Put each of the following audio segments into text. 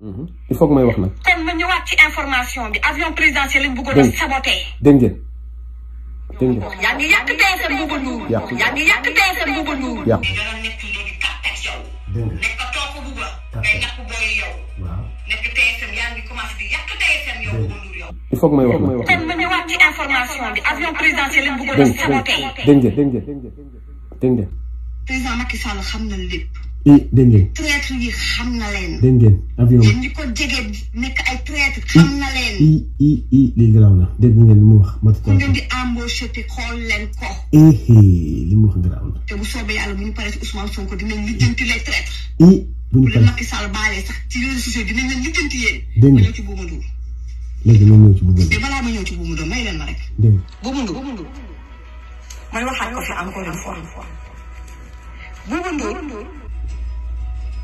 Mhm. il faut que may wax nag. te ma ñëwaat ci information bi avion présidentiel lañ bëggoon a saboté. dégg ngeen dégg ngeen. yaa ngi yàq TFM Bouba Ndour. yàq yaa ngi yàq TFM Bouba Ndour. yàq. dégg nga. il faut que may wax nag. te ma ñëwaat ci information bi avion présidentiel lañ bëggoon a saboté. dégg ngeen dégg ngeen dégg ngeen. président Macky Sall xam na lépp. i eh, dégg ngeen. traître yi xam na leen. dégg ngeen avion ko jege nekk ay traître xam na leen. mu wax matuka. ku ngeen di embauché te xool ko. Eh, eh, li mu wax garaaw na. te bu soobee yàlla bu ñu paree si Sonko dinañ lijjanti les traîtres. i bu ñu paree bu la Macky Sall baalee sax ci réseaux sociaux dinañ leen lijjanti yéen. dégg ngeen ma ñëw ci buuma duur. léegi ma ñëw ci buuma duur. te balaa ma ñëw ci buuma duur may leen ma rek. dégg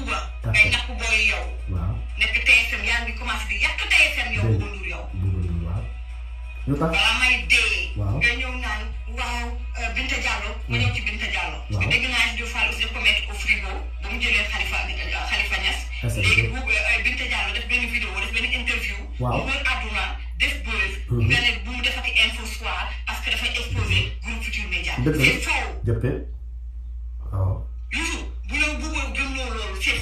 buuba ngay ñàkk booy yow nekk TFM yaa ngi commencé di yàq TFM yow buuba nduur yow balaa may dee nga ñëw naan waaw euh, Binta Diallo ma ñëw ci Binta Diallo dégg naa Diop Fall aussi daf ko mettre au frigo ba mu jëlee Khalifa euh, Khalifa Niass léegi buuba euh, Binta Diallo def benn vidéo def benn interview mu wër àdduna def buzz mhm. nga ne bu mu defati info soir parce que dafay exposé mhm. groupe Futurs Médias c'est faux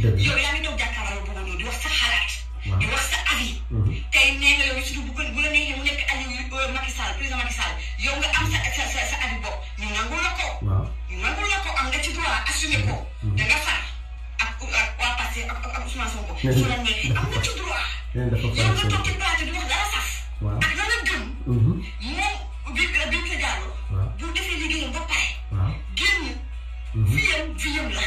yow yaa ngi toog jàkkaarloo boobu noonu di wax sa xalaat. di wax sa avis. Mhm. nee nga yow surtout bu ko la neexee mu nekk Aliou euh, Macky Sall président Macky Sall yow nga am sa sa sa la ko. ñu nangul la ko am nga ci droit assumé ko. Mhm. da far ak ak waa Pastef ak ak Ousmane Sonko. su am nga ci droit. yow nga toog ci plateau di wax dara saf. ak dana gëm. Mhm. moom bi bi nga jàlloo. bu defee liggéeyam ba pare. génn. viem la.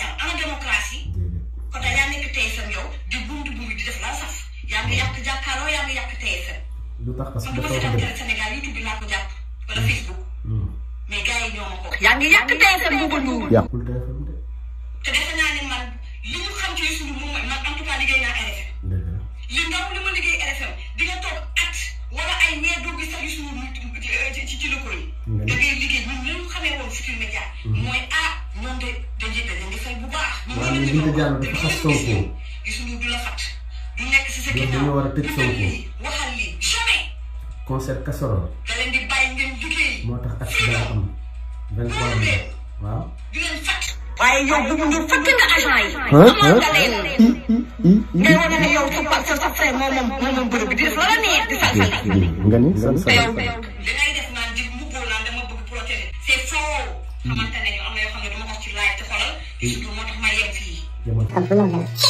yàq jàkkaaroo yaa ngi yàq TFM. lu tax parce que dafa wax dëgg Sénégal YouTube laa ko jàpp wala Facebook. mais gars yi ñoo ma ko. yaa ngi yàq TFM bu bëgg. yàqul TFM de. te defe naa ne man li mu xam ci suñu moom mooy man en tout cas liggéey naa RFM. li ndaw li ma liggéey RFM di nga toog at wala ay ñeer dugg sax yu suñu ci ci lëkkaloo yi. da ngay liggéey ñun li ñu xamee woon Futurs Médias. mooy ah ñoom de dañuy dañuy fay bu baax. ñu ngi leen di jox waaw dañoo war a tëj Sonko concert casserole moo tax accident am 23 mai waaw. waaye yow bu ñu fëkk nga agent yi. amal nga leen. ngay wane ne yow sa sa sa frère moom moom moom bërëb bi di def loola neex di salfale. nga ni san san yow li ngay def naan di mu góor naan dama bëgg protéger. c'est faux. Hmm. xamante ne am na yoo xam ne dama ko ci laaj te xoolal. Hmm. surtout moo tax ma yem fii.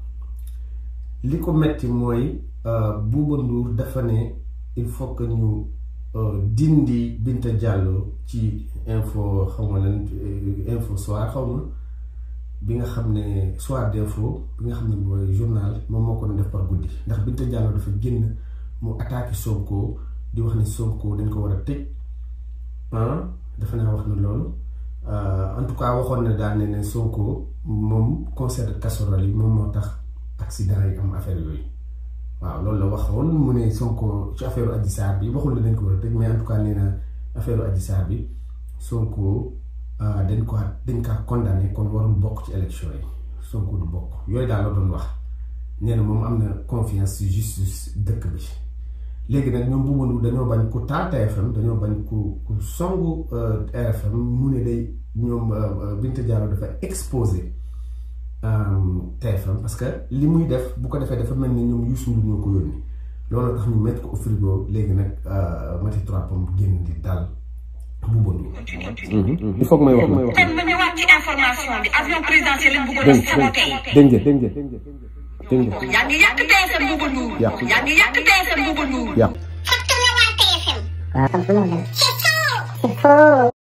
li ko metti mooy euh, Bouba Ndour dafa ne il faut que ñu euh, dindi Binta Diallo ci info xaw ma lan euh, info soir xaw ma bi nga xam ne soir d'info bi nga xam ne mooy journal moom moo ko doon def par guddi ndax Binta Diallo dafa génn mu attaqué Sonko di wax ne Sonko dañ ko war a tëj ah dafa naa wax na loolu en tout cas waxoon ne daal ne ne moom concert de yi moom moo tax. accident yi am affaire yooyu waaw loolu la waxoon mu ne Sonko ci affaire Adji Sarr bi waxul ne dañ ko war a tëj mais en tout cas nee na affaire Adji Sarr bi Sonko dañ ko dañ kaa condamné kon warul bokk ci élection yi Sonko du bokk yooyu daal la doon wax nee na moom am na confiance ci justice dëkk bi léegi nag ñoom bu wëndu dañoo bañ ku taal TFM dañoo bañ ku ku songu RFM mu ne day ñoom Binta Diallo dafa exposé TFM euh, parce que li muy def bu ko defee dafa mel ni ñoom Youssou Ndour ñoo ko yónni loolu tax ñu mettre ko au frigo léegi nag euh, Maty trois pommes génn di dal Bouba Ndour. il faut que may wax may wax. kon mu ñëwaat ci yaa ngi yàq TFM Bouba Ndour. yàq yaa ngi